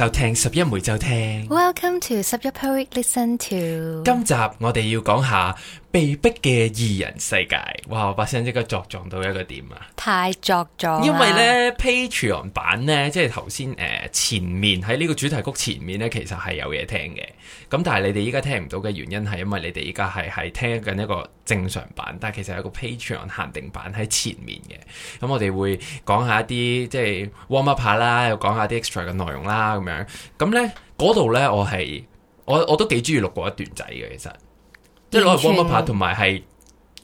收聽拾壹每週，就聽。拾壹每週聽，listen to。今集我哋要講下被迫嘅二人世界。哇！我把聲即刻作狀到一個點啊！太作狀。因為咧，Patreon 版咧，即係頭先誒前面喺呢個主題曲前面咧，其實係有嘢聽嘅。咁但係你哋依家聽唔到嘅原因係因為你哋依家係係聽緊一個正常版，但係其實有一個 Patreon 限定版喺前面嘅。咁我哋會講下一啲即係 warm up 下啦，又講下啲 extra 嘅內容啦，咁樣。咁咧。嗰度咧，我係我我都幾鍾意錄過一段仔嘅，其實即攞嚟光波拍，同埋係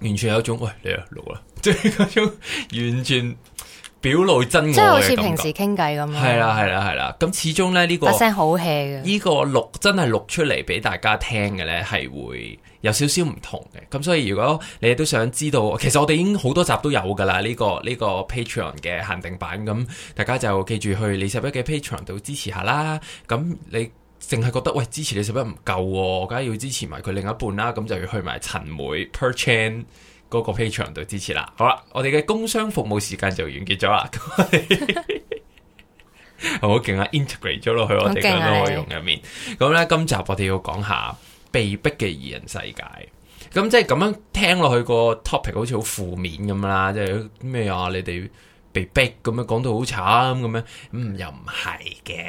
完全有一種喂，你、哎、啊錄啦，即係嗰種完全。表露真愛，即係好似平時傾偈咁。係啦，係啦，係啦。咁始終咧呢個發聲好 hea 嘅，呢個錄真係錄出嚟俾大家聽嘅咧，係會有少少唔同嘅。咁所以如果你都想知道，其實我哋已經好多集都有㗎啦。呢個呢個 Patreon 嘅限定版，咁大家就記住去李拾壹嘅 Patreon 度支持下啦。咁你淨係覺得喂，支持李拾壹唔夠，啊，梗係要支持埋佢另一半啦。咁就要去埋陳妹嗰個 Patreon 度支持啦，好啦，我哋嘅工商服務時間就完結咗啦，咁我哋 好勁啊，integrate 咗落去我哋嘅內容入面。咁咧你，今集我哋要講下被逼嘅二人世界。咁即係咁樣聽落去個 topic 好似好負面咁啦，即係咩啊？你哋被逼咁樣講到好慘咁樣，嗯，又唔係嘅，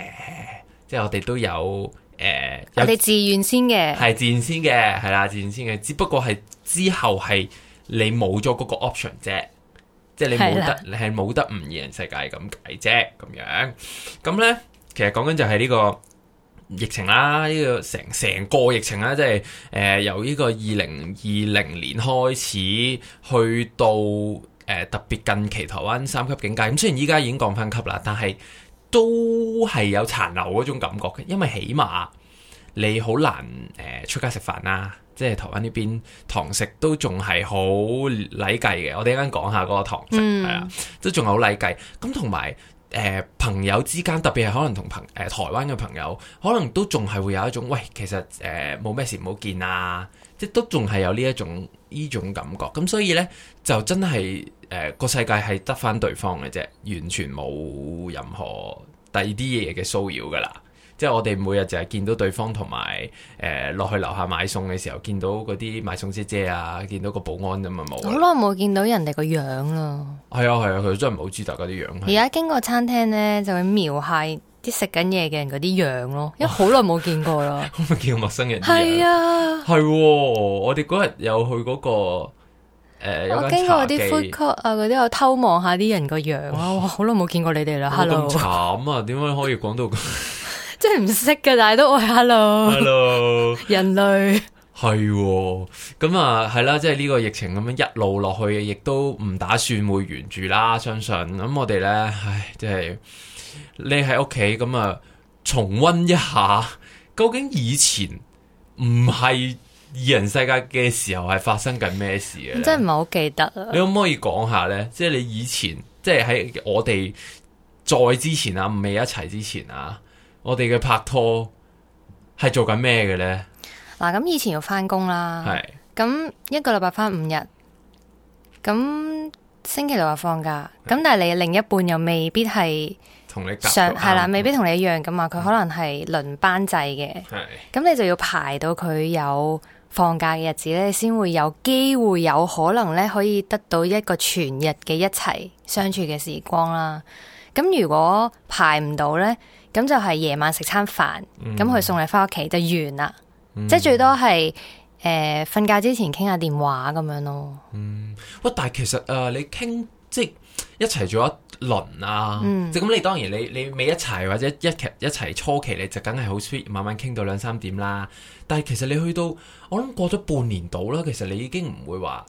即係我哋都有誒，呃、有我哋自願先嘅，係自願先嘅，係啦，自願先嘅，只不過係之後係。你冇咗嗰個 option 啫，即係你冇得，的你係冇得唔二人世界咁解啫，咁樣咁呢，其實講緊就係呢個疫情啦，呢、這個成成個疫情啦，即係誒、呃、由呢個二零二零年開始去到誒、呃、特別近期台灣三級警戒，咁、嗯、雖然依家已經降翻級啦，但係都係有殘留嗰種感覺嘅，因為起碼你好難誒、呃、出街食飯啦。即係台灣呢邊堂食都仲係好禮記嘅，我哋一陣講下嗰個堂食係啊、嗯，都仲係好禮記。咁同埋誒朋友之間，特別係可能同朋誒、呃、台灣嘅朋友，可能都仲係會有一種喂，其實誒冇咩事唔好見啊，即都仲係有呢一種呢種感覺。咁所以呢，就真係誒個世界係得返對方嘅啫，完全冇任何第二啲嘢嘅騷擾噶啦。即係我哋每日就係見到對方同埋誒落去樓下買餸嘅時候，見到嗰啲買餸姐姐啊，見到個保安咋嘛，冇好耐冇見到人哋個樣啦。係啊係啊，佢、啊啊、真係唔好知大家嗰啲樣。而家、啊、經過餐廳咧，就會瞄下啲食緊嘢嘅人嗰啲樣咯，因為好耐冇見過啦。咁咪見個陌生人。係啊，係、啊。我哋嗰日有去嗰、那個誒，呃、哇我經過啲 food court 啊，嗰啲我偷望下啲人個樣。好耐冇見過你哋啦，Hello。慘啊！點解可以講到？ 即係唔識噶，但係都喂，hello，Hello 人類係咁、哦、啊，係啦，即係呢個疫情咁樣一路落去，亦都唔打算會完住啦。相信咁我哋咧，唉，即係你喺屋企咁啊，重溫一下，究竟以前唔係二人世界嘅時候係發生緊咩事啊？真係唔係好記得啊！你可唔可以講下咧？即係你以前，即係喺我哋再之前啊，未一齊之前啊？我哋嘅拍拖係做緊咩嘅呢？嗱、啊，咁以前要翻工啦，咁是一個禮拜翻五日，咁星期六日放假，咁是但係你另一半又未必係同你上，係上啦，未必同你一樣噶嘛，佢、嗯、可能係輪班制嘅，咁是你就要排到佢有放假嘅日子咧，先是會有機會，有可能咧可以得到一個全日嘅一齊相處嘅時光啦。咁如果排唔到呢？咁就係夜晚食餐飯，咁佢、嗯、送你翻屋企就完啦，嗯、即係最多係誒瞓覺之前傾下電話咁樣咯。嗯，喂，但係其實誒、呃，你傾即係一齊做一輪啊，就咁、嗯、你當然你你未一齊或者一期一齊初期你就梗係好 sweet，慢慢傾到兩三點啦。但係其實你去到我諗過咗半年度啦，其實你已經唔會話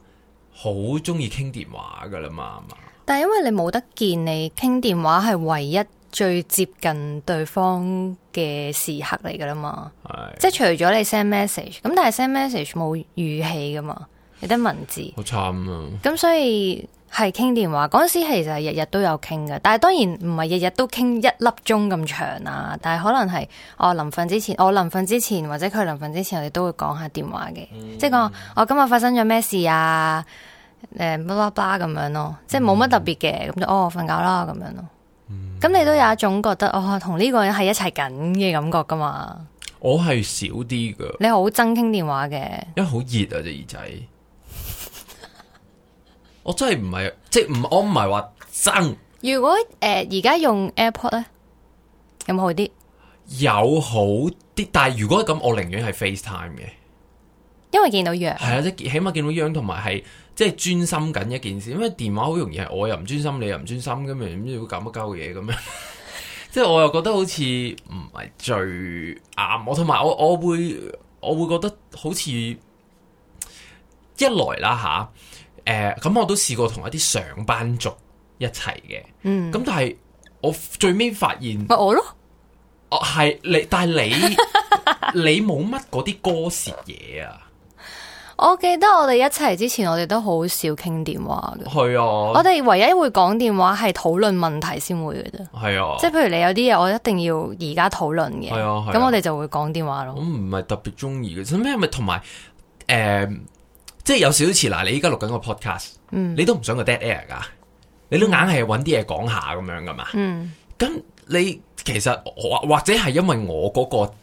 好中意傾電話噶啦嘛，係嘛？但係因為你冇得見，你傾電話係唯一。最接近對方嘅時刻嚟噶啦嘛，即係除咗你 send message，咁但係 send message 冇語氣噶嘛，有啲文字。好慘啊！咁所以係傾電話嗰陣時，其實日日都有傾噶，但係當然唔係日日都傾一粒鐘咁長啊，但係可能係我、哦、臨瞓之，、哦、之，之前，我臨瞓之前或者佢臨瞓之前，我哋都會講下電話嘅，嗯、即係講我今日發生咗咩事啊，乜巴拉巴拉咁樣咯，即係冇乜特別嘅，咁就、嗯、哦瞓、哦、覺啦咁樣咯。咁、嗯、你都有一種覺得，哦，同呢個人係一齊緊嘅感覺噶嘛？我係少啲噶，你好憎傾電話嘅，因為好熱啊隻耳仔。 我真係唔係，即係唔，我唔係話憎。如果誒而家用 AirPod 咧，有冇好啲？有好啲，但係如果咁，我寧願係 FaceTime 嘅，因為見到樣係啊，即起碼見到樣，同埋係。即係專心緊一件事，因為電話好容易係我又唔專心，你又唔專心咁樣，點知要搞乜鳩嘢咁樣？ 即係我又覺得好似唔係最啱我，同埋我我會我會覺得好似一來啦吓，誒、啊、咁、呃、我都試過同一啲上班族一齊嘅，嗯，咁但係我最尾發現、啊，我咯，哦係、啊、你，但係你 你冇乜嗰啲歌舌嘢啊。我記得我哋一齊之前，我哋都好少傾電話嘅。係啊，我哋唯一會講電話係討論問題先會嘅啫。係啊，即係譬如你有啲嘢，我一定要而家討論嘅。係啊，咁、啊、我哋就會講電話咯。我唔係特別中意嘅，咁咩咪同埋誒，即係有少少似嗱，你依家錄緊個 podcast、嗯、你都唔想個 dead air 㗎，你都硬係揾啲嘢講下咁樣㗎嘛。嗯，咁、嗯、你其實或或者係因為我嗰、那個。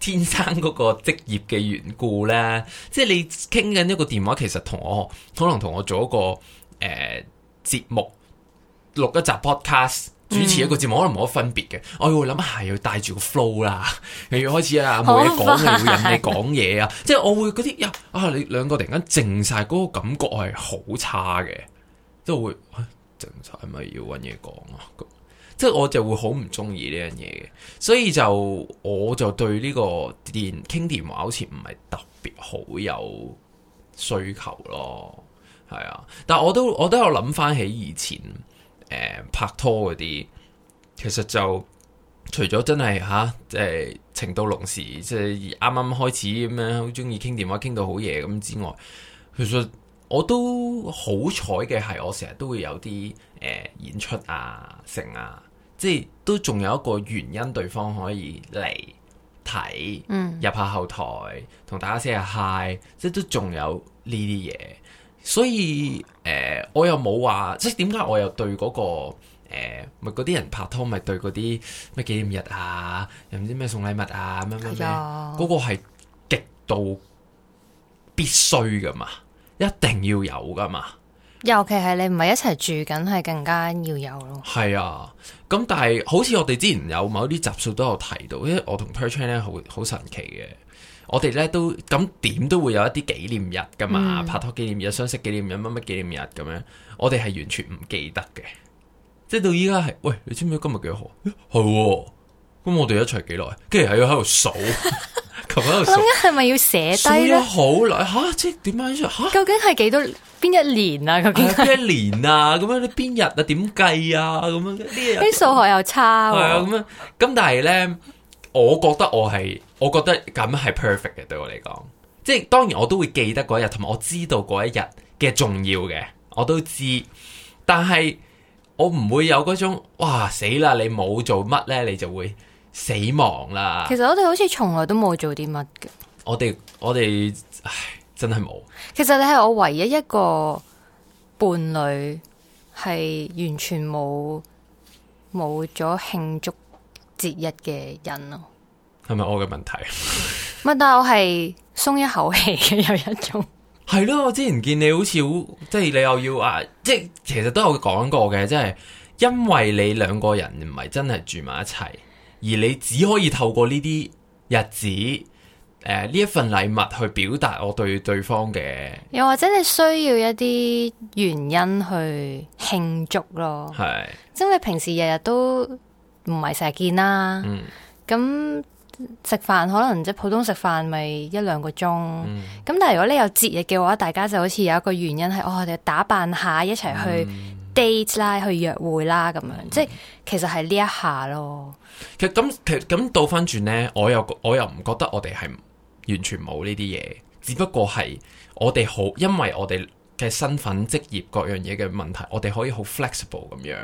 天生嗰個職業嘅緣故咧，即係你傾緊一個電話，其實同我可能同我做一個誒、呃、節目，錄一集 podcast 主持一個節目，嗯、可能冇乜分別嘅。我會諗下要帶住個 flow 啦、啊，又要開始啊，冇嘢講嘅會人哋講嘢啊，即係我會嗰啲呀啊，你兩個突然間靜晒，嗰、嗰個感覺係好差嘅，即都會靜晒，咪要搵嘢講啊！即係我就會好唔中意呢樣嘢嘅，所以就我就對呢個電傾電話好似唔係特別好有需求咯，係啊。但係我都我都有諗翻起以前誒、呃、拍拖嗰啲，其實就除咗真係吓即係情到濃時，即係啱啱開始咁樣好中意傾電話，傾到好夜咁之外，其實我都好彩嘅係，我成日都會有啲誒、呃、演出啊、成啊。即係都仲有一個原因，對方可以嚟睇，嗯，入下後台同大家 say 下 hi，即係都仲有呢啲嘢，所以誒、呃，我又冇話，即係點解我又對嗰、嗰個咪嗰啲人拍拖咪對嗰啲咩紀念日啊，又唔知咩送禮物啊，咁樣咩，嗰、哎、呀個係極度必須噶嘛，一定要有噶嘛，尤其係你唔係一齊住緊，係更加要有咯，係啊。咁但係好似我哋之前有某啲集數都有提到，因為我同 Perchine 咧好好神奇嘅，我哋咧都咁點都會有一啲紀念日噶嘛，嗯、拍拖紀念日、相識紀念日、乜乜紀念日咁樣，我哋係完全唔記得嘅，即係到依家係，喂，你知唔知今日幾號？係，咁我哋一齊幾耐？跟住喺度喺度數。 咁樣我諗緊係咪要寫低咧？數好耐吓，即係點解？吓，究竟係幾多邊一年啊？究竟邊、 啊、一年啊？咁樣你邊日啊？點計啊？咁樣啲數學又差係啊？咁樣咁，但係咧，我覺得我係，我覺得咁係 perfect 嘅，對我嚟講，即係當然我都會記得嗰日，同埋我知道嗰一日嘅重要嘅，我都知，但係我唔會有嗰種哇死啦！你冇做乜咧，你就會。死亡啦！其實我哋好似從來都冇做啲乜嘅。我哋我哋唉，真係冇。其實你係我唯一一個伴侶，係完全冇冇咗慶祝節日嘅人咯。係咪我嘅問題？乜？ 但我係鬆一口氣嘅，有一種係咯。 我之前見你好似好，即係你又要啊，即係其實都有講過嘅，即係因為你兩個人唔係真係住埋一齊。而你只可以透過呢啲日子，誒、呃、呢一份禮物去表達我對對方嘅，又或者你需要一啲原因去慶祝咯。係，即係你平時日日都唔係成日見啦。咁食飯可能即係普通食飯咪一兩個鐘。咁、嗯、但係如果你有節日嘅話，大家就好似有一個原因係、哦，我哋打扮下一齊去 date 啦，去約會啦，咁樣，嗯、即係其實係呢一下咯。其實咁，其實咁倒翻轉呢，我又我又唔覺得我哋係完全冇呢啲嘢，只不過係我哋好，因為我哋嘅身份、職業各樣嘢嘅問題，我哋可以好 flexible 咁樣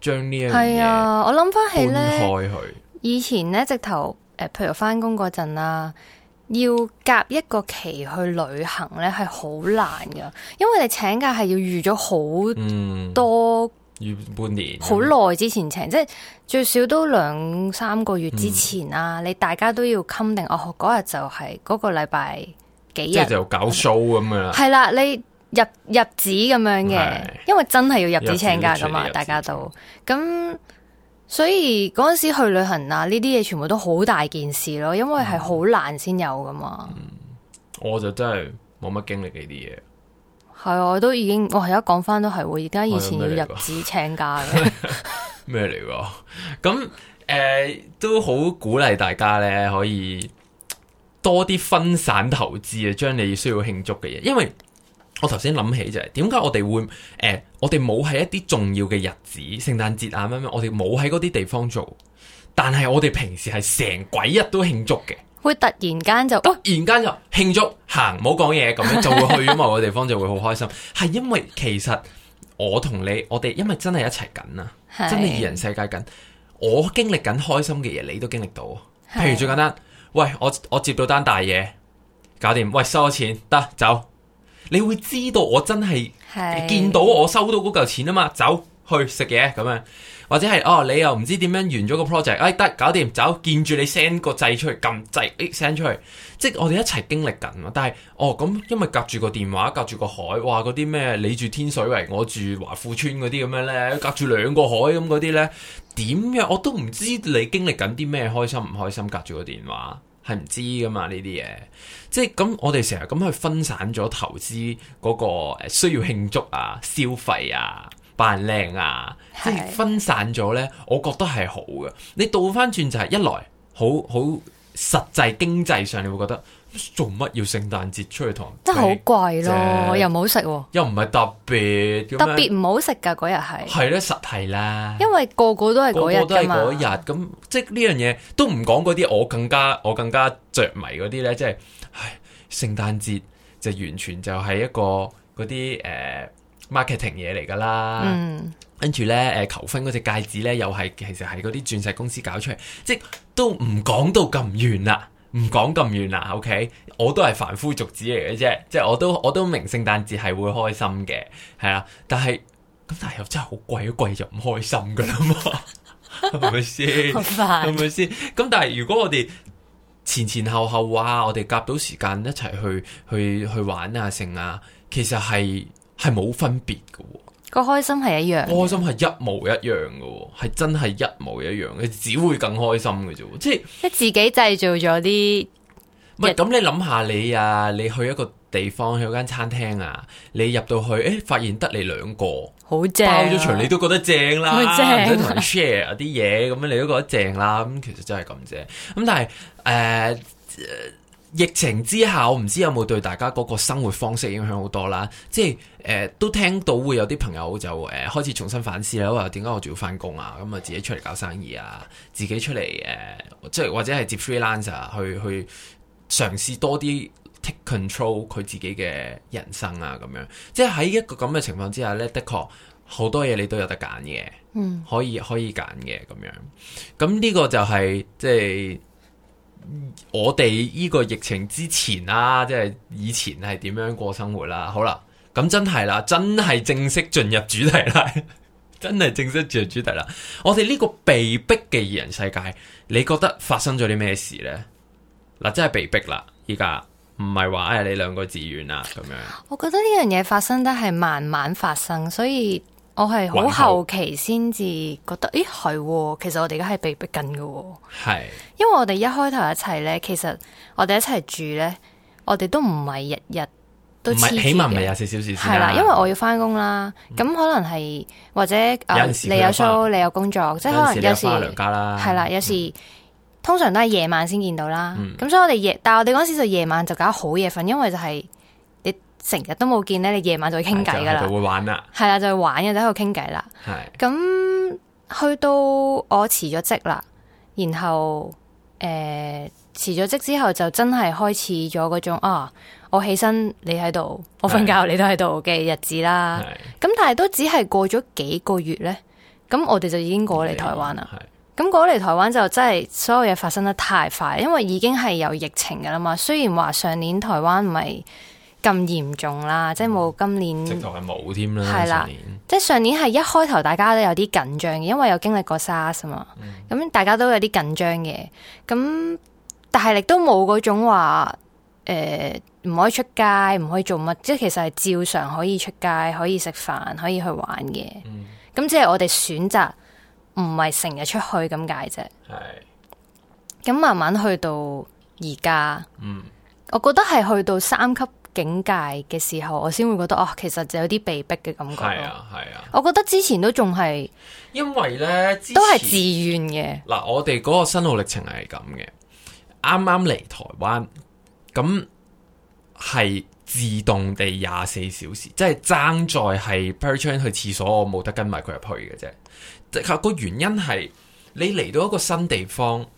將呢一樣嘢。係啊，我諗翻起咧，以前呢，直頭誒、呃，譬如翻工嗰陣啊，要夾一個期去旅行呢，係好難噶，因為你請假係要預咗好多、嗯。半年，好耐、嗯、之前請，即係最少都兩三個月之前啦、啊。嗯、你大家都要 confirm 定哦，嗰日就係嗰個禮拜幾日就搞 show 咁、嗯、樣。係啦，你入入紙咁樣嘅，的因為真係要入紙請假噶嘛，大家都咁。所以嗰陣時去旅行啊，呢啲嘢全部都好大件事咯，因為係好難先有噶嘛、嗯。我就真係冇乜經歷呢啲嘢。係啊，我都已經，我而家講翻都係喎。而家以前要入資請假咩嚟？喎咁誒，都好鼓勵大家咧，可以多啲分散投資啊，將你需要慶祝嘅嘢。因為我頭先諗起就係、是，點解我哋會誒、呃，我哋冇喺一啲重要嘅日子，聖誕節啊乜乜，我哋冇喺嗰啲地方做，但係我哋平時係成鬼日都慶祝嘅。會突然間就突然間就慶祝行，唔好講嘢咁樣，就會去啊嘛個 地方就會好開心。係因為其實我同你，我哋因為真係一齊緊啊，真係二人世界緊。是我經歷緊開心嘅嘢，你都經歷到。譬如最簡單是，喂，我我接到單大嘢，搞掂，喂收咗錢，得走。你會知道我真係見到我收到嗰嚿錢啊嘛，是走去食嘢咁樣。或者係哦，你又唔知點樣完咗個 project，哎得，搞掂走，見住你 send 個掣出去，撳掣誒 send 出去，即係我哋一齊經歷緊。但係哦咁，因為隔住個電話，隔住個海，哇，嗰啲咩你住天水圍，我住華富村嗰啲咁樣咧，隔住兩個海咁嗰啲咧，點樣我都唔知你經歷緊啲咩開心唔開心，隔住個電話係唔知噶嘛呢啲嘢，即係咁我哋成日咁去分散咗投資嗰個誒需要慶祝啊，消費啊。扮靚啊，是即係分散咗咧，我覺得係好嘅。你倒翻轉就係一來，好好實際經濟上你會覺得做乜要聖誕節出去堂，真係好貴咯，又唔好食，啊，又唔係特別特別唔好食噶嗰日係係咧實係啦，因為個個都係嗰日噶嘛，咁即係呢樣嘢都唔講嗰啲，我更加我更加着迷嗰啲咧，即係唉，聖誕節就完全就係一個嗰啲誒。Marketing 嘢嚟㗎啦、嗯跟呢，跟住咧誒求婚嗰隻戒指咧，又係其實係嗰啲鑽石公司搞出嚟，即係都唔講到咁遠啦，唔講咁遠啦。OK，我都係凡夫俗子嚟嘅啫，即係我都我都明聖誕節係會開心嘅，係啊，但係咁但係又真係好貴，貴就唔開心㗎啦嘛，係咪先？係咪先？咁但係如果我哋前前後後啊，我哋夾到時間一齊去去去，去玩啊，成啊，其實係。係冇分別嘅，個開心係一樣，個開心係一模一樣嘅，係真係一模一樣嘅，只會更開心嘅啫，即係，即你自己製造咗啲。唔係咁，你諗下你啊，你去一個地方去間餐廳啊，你入到去，誒，發現得你兩個，好正，包咗場你都覺得正啦，同 share 啲嘢咁樣你都覺得正啦，咁其實真係咁正，咁但係誒。疫情之下，我唔知有冇對大家嗰個生活方式影響好多啦。即係誒、呃，都聽到會有啲朋友就誒、呃、開始重新反思啦。話點解我仲要翻工啊？咁、嗯、啊，自己出嚟搞生意啊，自己出嚟誒，即、呃、係或者係接 freelancer、啊、去去嘗試多啲 take control 佢自己嘅人生啊，咁樣。即係喺一個咁嘅情況之下呢，的確好多嘢你都有得揀嘅，嗯，可以可以揀嘅咁樣。咁呢個就係、是、即係。我哋呢個疫情之前啦，啊，即係以前係點樣過生活啦，啊？好啦，咁真係啦，真係正式進入主題啦，真係正式進入主題啦。我哋呢個被迫嘅二人世界，你覺得發生咗啲咩事呢？嗱，啊，真係被迫啦，而家唔係話誒你兩個自願啦咁樣。我覺得呢樣嘢發生得係慢慢發生，所以。.我係好後期先至覺得，咦係，其實我哋而家係被逼緊嘅。係，係。因為我哋一開頭一齊咧，其實我哋一齊住咧，我哋都唔係日日都黐住，起碼唔係廿四小時。係啦，因為我要翻工啦，咁、嗯、可能係或者、啊、有你有 show，你有工作，即係可能有時。有時有家啦，係啦，有時、嗯、通常都係夜晚先見到啦。咁、嗯、所以我哋夜，但係我哋嗰時就夜晚就搞好，好夜瞓，因為就係、是。成日都冇見咧，你夜晚就會傾偈噶啦，就會玩啦，係啦，就玩嘅，就喺度傾偈啦。咁的去到我辭咗職啦，然後誒辭咗職之後就真係開始咗嗰種啊，我起身你喺度，我瞓覺的你都喺度嘅日子啦。咁的但係都只係過咗幾個月咧，咁我哋就已經過嚟台灣啦。咁過嚟台灣就真係所有嘢發生得太快，因為已經係有疫情噶啦嘛。雖然話上年台灣唔係。咁嚴重啦，即係冇今年直頭係冇添啦。係啦， 年即係上年係一開頭大家都有啲緊張嘅，因為有經歷過沙士啊嘛，咁、嗯、大家都有啲緊張嘅。咁但係亦都冇嗰種話，唔、呃、可以出街，唔可以做乜，即係其實係照常可以出街，可以食飯，可以去玩嘅。咁、嗯、即係我哋選擇唔係成日出去咁解啫。係咁是慢慢去到而家，嗯，我覺得係去到三級，警戒嘅時候，我先會覺得啊、哦，其實就有啲被逼嘅感覺。係啊，係啊。我覺得之前都仲係，因為呢都係自願嘅。嗱，我哋嗰個心路歷程係咁嘅，啱啱嚟台灣咁係自動地廿四小時，即係爭在係 per turn 去廁所，我冇得跟埋佢入去嘅啫。個原因係你嚟到一個新地方，誒、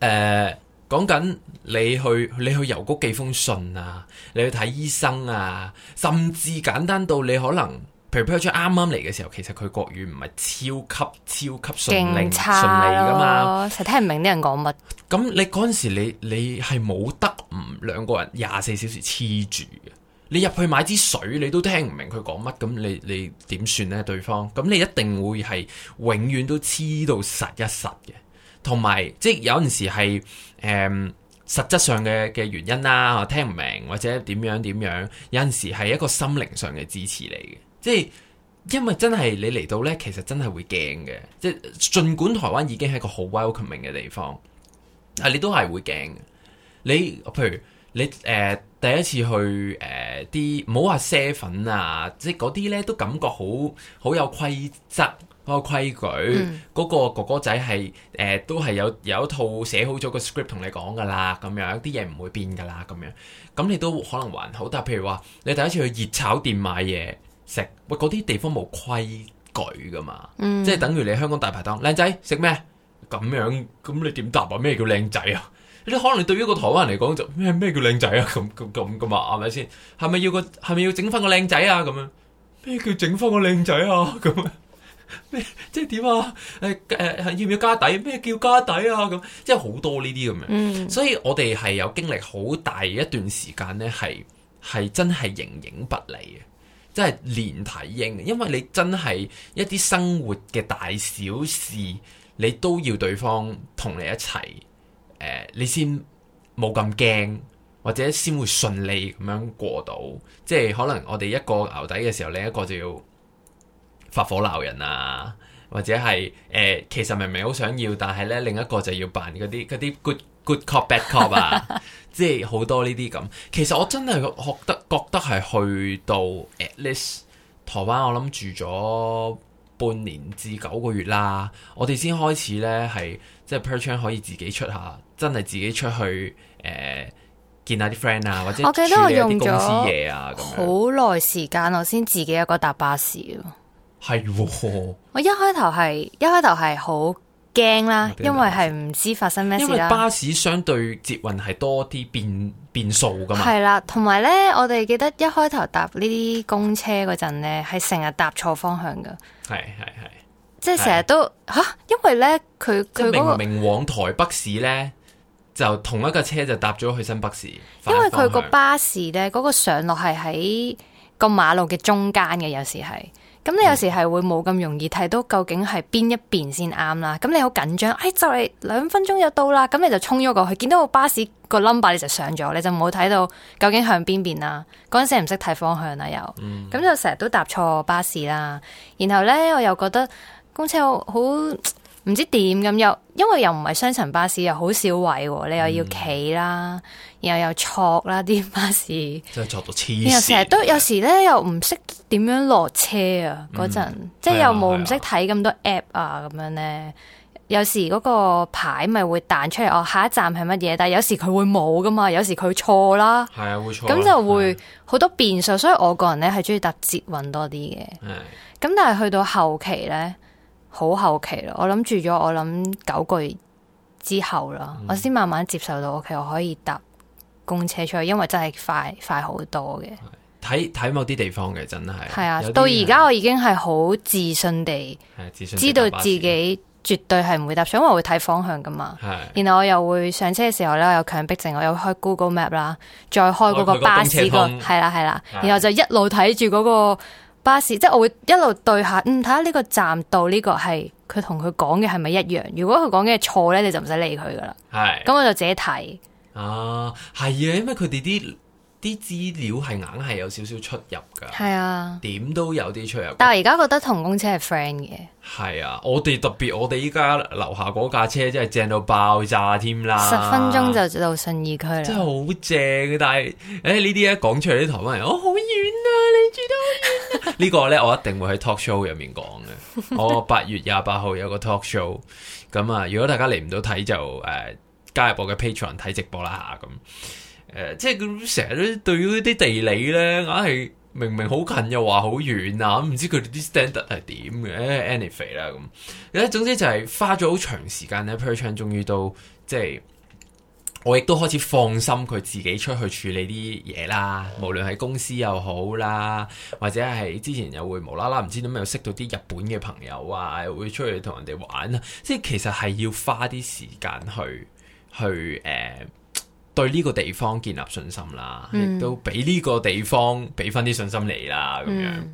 呃。講緊你去你去郵局寄封信啊，你去睇醫生啊，甚至簡單到你可能，譬如派出啱啱嚟嘅時候，其實佢國語唔係超級超級順，勁差，順利㗎嘛，成日聽唔明啲人講乜？咁你嗰陣時你你係冇得唔兩個人廿四小時黐住嘅。你入去買支水，你都聽唔明佢講乜，咁你你點算呢？對方，咁你一定會係永遠都黐到實一實嘅。同埋，即係有陣時係誒、嗯、實質上嘅嘅原因啦，我聽唔明或者點樣點樣，有陣時係一個心靈上嘅支持嚟嘅。即係因為真係你嚟到呢，其實真係會驚嘅。即係儘管台灣已經係一個好 welcoming 嘅地方，啊，你都係會驚。你譬如你誒、呃、第一次去誒啲，唔好話啡粉啊，即係嗰啲呢，都感覺好好有規則。嗰個、哦、規矩，嗰、嗯、個哥哥仔係誒、呃、都係有有一套寫好咗個 script 同你講噶啦，咁樣啲嘢唔會變噶啦，咁樣咁你都可能還好。但譬如話你第一次去熱炒店買嘢食，喂嗰啲地方冇規矩噶嘛，嗯、即係等於你香港大排檔。靚仔食咩？咁樣咁你點答啊？咩叫靚仔啊？你可能對於一個台灣人嚟講就咩咩叫靚仔啊？咁咁咁噶嘛？係咪先？係咪要個係咪要整翻個靚仔啊？咁樣咩叫整翻個靚仔啊？咁啊？咩即係點啊？誒誒，要唔要加底？咩叫加底啊？咁即係好多呢啲咁樣。嗯、所以我哋係有經歷好大一段時間呢，係係真係形影不離嘅，即係連體嬰。因為你真係一啲生活嘅大小事，你都要對方同你一齊，誒、呃，你先冇咁驚，或者先會順利咁樣過到。即係可能我哋一個牛底嘅時候，另一個就要。發火鬧人啊，或者係誒、呃，其實明明好想要，但係咧另一個就要扮嗰啲啲 good good cop bad cop 啊， 即係好多呢啲咁。其實我真係學得覺得係去到 at least 台灣，我諗住咗半年至九個月啦。我哋先開始咧係即係 per turn 可以自己出下，真係自己出去誒、呃、見下啲 friend 啊，或者、啊、我記得我用公司嘢啊。咁好耐時間，我先自己一個搭巴士係，哦、我一開頭係一開頭係好驚啦，因為係唔知發生咩事。巴士相對捷運係多啲變變數噶嘛。係啦，同埋呢，我哋記得一開頭搭呢啲公車嗰陣呢，係成日搭錯方向噶。係係係，即係成日都吓是、啊，因為呢，佢佢、嗰個、明明往台北市呢，就同一架車就搭咗去新北市。因為佢個巴士呢，嗰、嗰個上落係喺個馬路嘅中間嘅，有時係。咁你有時係會冇咁容易睇到究竟係邊一邊先啱啦。咁你好緊張，哎就嚟兩分鐘就到啦，咁你就衝咗過去，見到個巴士個 number 你就上咗，你就冇睇到究竟向邊邊啦。嗰陣時唔識睇方向啦又，咁、嗯、就成日都搭錯巴士啦。然後呢，我又覺得公車好。唔知點咁又，因為又唔係雙層巴士，又好少位，嗯、你又要企啦，然後又錯啦啲巴士，即係坐到黐線，成日都有時咧又唔識點樣落車啊！嗰陣即係又冇唔識睇咁多 app 啊，咁樣咧，啊啊、有時嗰個牌咪會彈出嚟哦，下一站係乜嘢，但係有時佢會冇噶嘛，有時佢錯啦，係啊會錯，咁就會好多變數，啊、所以我個人咧係中意搭捷運多啲嘅，咁、啊、但係去到後期咧。好後期咯，我諗住咗，我諗九個月之後啦，我先慢慢接受到，OK，我可以搭公車出去，因為真係快快好多嘅。睇睇某啲地方嘅真係。係啊，到而家我已經係好自信地，啊、信知道自己絕對係唔會搭，因為我會睇方向噶嘛。啊、然後我又會上車嘅時候咧，我有強迫症，我又開 Google Map 啦，再開嗰個巴士、個，係啦係啦，然後就一路睇住嗰個。巴士即係我會一路對下，嗯，睇下呢個站到呢個係佢同佢講嘅係咪一樣？如果佢講嘅錯咧，你就唔使理佢噶啦。係，咁我就自己睇。哦、啊，係啊，因為佢哋啲啲資料係硬係有少少出入噶，係啊，點都有啲出入。但係而家覺得同公車係 friend 嘅，係啊，我哋特別，我哋依家樓下嗰架車真係正到爆炸添啦，十分鐘就到信義區啦，真係好正。但係誒呢啲一講出嚟啲台灣人，哦，好遠啊，你住得好遠啊。 個呢個咧我一定會喺 talk show 入面講嘅。 我八月廿八號有個 talk show，咁啊，如果大家嚟唔到睇就誒、呃、加入我嘅 Patreon 睇直播啦嚇咁。誒、呃，即係佢成日都對嗰啲地理咧，硬、啊、係明明好近又話好遠啊！唔知佢哋啲 stand 得係點嘅 anyway 啦，咁。誒，總之就係花咗好長時間咧，Perchun 終於都即係我亦都開始放心佢自己出去處理啲嘢啦。無論係公司又好啦，或者係之前又會無啦啦唔知點樣又識到啲日本嘅朋友啊，又會出去同人哋玩啊。即係其實係要花啲時間去去誒。Uh, 對呢個地方建立信心啦，亦、嗯、都俾呢個地方俾翻啲信心你啦，咁樣。咁、嗯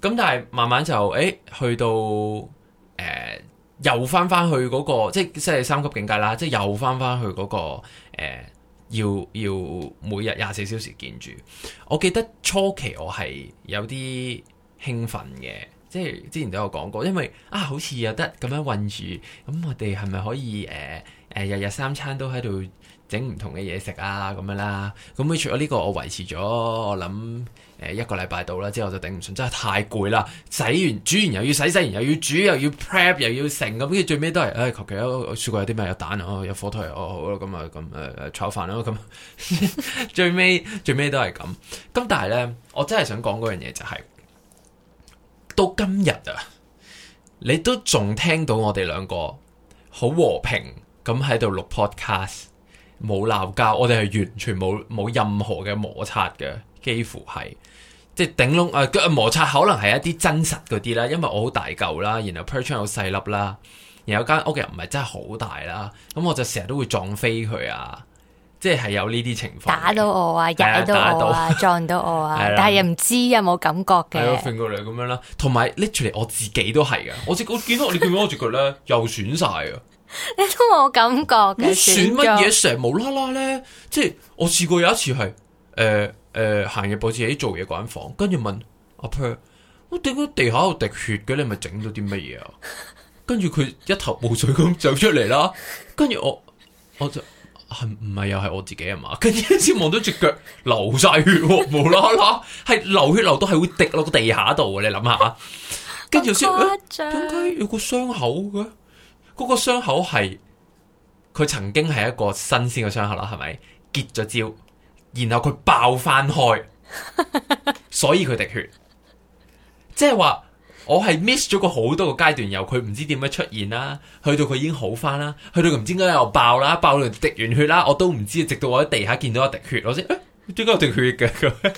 嗯、但係慢慢就，誒、欸，去到誒、呃，又翻翻去嗰、那個，即係即係三級境界啦，即係又翻翻去嗰、那個、呃、要要每日廿四小時見住。我記得初期我係有啲興奮嘅，即係之前都有講過，因為啊，好似有得咁樣韞住，咁我哋係咪可以誒誒日日三餐都喺度？整唔同嘅嘢食啊，咁樣啦。咁你除咗呢、這個，我維持咗，我諗誒一個禮拜到啦。之後就頂唔順，真係太攰啦。洗完煮完又要洗，洗完又要煮，又要 prep，又要盛咁。跟住最尾都係誒，求其一個雪櫃有啲咩有蛋啊，有火腿哦，好咯，咁啊咁誒炒飯咯。咁 最尾，最尾都係咁。咁但係咧，我真係想講嗰樣嘢就係、是、到今日啊，你都仲聽到我哋兩個好和平咁喺度錄 podcast。冇鬧交，我哋係完全冇冇任何嘅摩擦嘅，幾乎係即係頂窿啊！摩擦可能係一啲真實嗰啲啦，因為我好大嚿啦，然後 perchion 好細粒啦，然後間屋又唔係真係好大啦，咁我就成日都會撞飛佢啊！即係係有呢啲情況，打到我啊，踩到我啊，撞到我啊，但係又唔知有冇感覺嘅，翻過來咁樣啦。同埋拎 literally 我自己都係嘅，我我見到你見我隻腳咧，又損晒啊！你都冇感覺嘅算乜嘢成無啦啦咧？即係我試過有一次係誒誒行入我， 我，我、啊、我自己做嘢嗰間房，跟住問阿 Per 我點解地下度滴血嘅？你咪整咗啲乜嘢啊？跟住佢一頭霧水咁走出嚟啦，跟住我我就係唔係又係我自己啊嘛？跟住先望到隻腳流晒血，無啦啦係流血流到係會滴落個地下度，你諗下，跟住先點解有個傷口嘅？嗰個傷口係佢曾經係一個新鮮嘅傷口啦，係咪結咗焦，然後佢爆翻開， 所以佢滴血。即係話我係 miss 咗個好多個階段，由佢唔知點樣出現啦，去到佢已經好翻啦，去到佢唔知點解又爆啦，爆到滴完血啦，我都唔知，直到我喺地下見到一滴血，我先誒，點解有滴血嘅？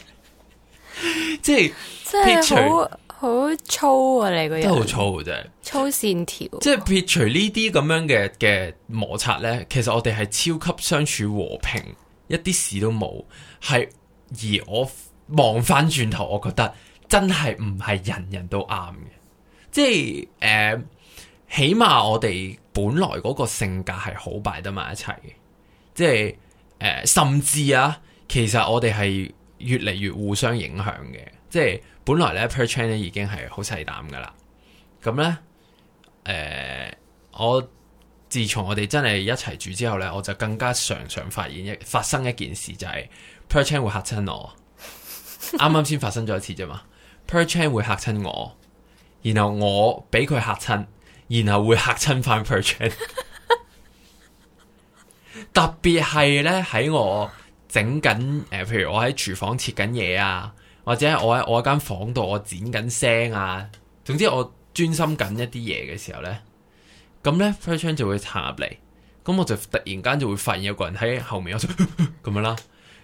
即係即係好粗啊！你個樣都好粗啫，啊，粗線條，啊。即係撇除這這呢啲咁樣嘅嘅摩擦咧，其實我哋係超級相處和平，一啲事都冇。係而我望翻轉頭，我覺得真係唔係人人都啱嘅。即係誒，呃，起碼我哋本來個性格係好擺得埋一齊嘅。即係誒，呃，甚至啊，其實我哋係越嚟越互相影響嘅。即係本來咧 Perchay 咧，已經係好細膽噶啦。咁咧，誒、呃，我自從我哋真係一齊住之後咧，我就更加常常發現一發生一件事，就是，就係 Perchay 會嚇親我。啱啱先發生咗一次啫嘛，Perchay 會嚇親我，然後我俾佢嚇親，然後會嚇親翻 Perchay。特別係咧喺我整緊誒，譬如我喺廚房切緊嘢啊。或者我喺我喺間房度，我剪緊聲啊，總之我專心緊一啲嘢嘅時候呢，咁呢，Frankie 就會插入嚟，咁我就突然間就會發現有個人喺後面，我就咁 樣啦。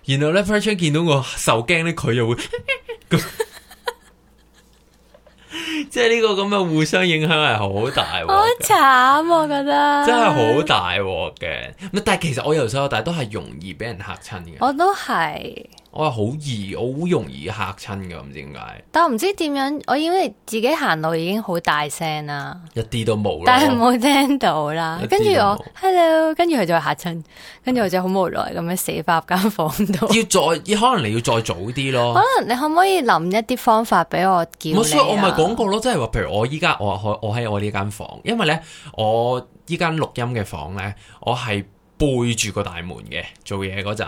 然後呢，Frankie 見到我受驚呢，佢又會，即係呢個咁嘅互相影響係好大，好慘我覺得，真係好大鑊嘅。但係其實我由細到大都係容易俾人嚇親嘅，我都係。我係好易，我好容易吓親噶，唔知點解。但係唔知點樣，我以為自己行路已經好大聲啦，一啲都冇啦。但係冇聽到啦。跟住我，hello，跟住佢就吓親，跟住我就好無奈咁樣死翻間房度。 要再，可能你要再早啲咯。 可能你可唔可以諗一啲方法俾我叫，啊？唔係，所以我咪講過咯，即係話，譬如我依家，我我喺我呢間房間，因為咧我依間錄音嘅房咧，我係背住個大門嘅，做嘢嗰陣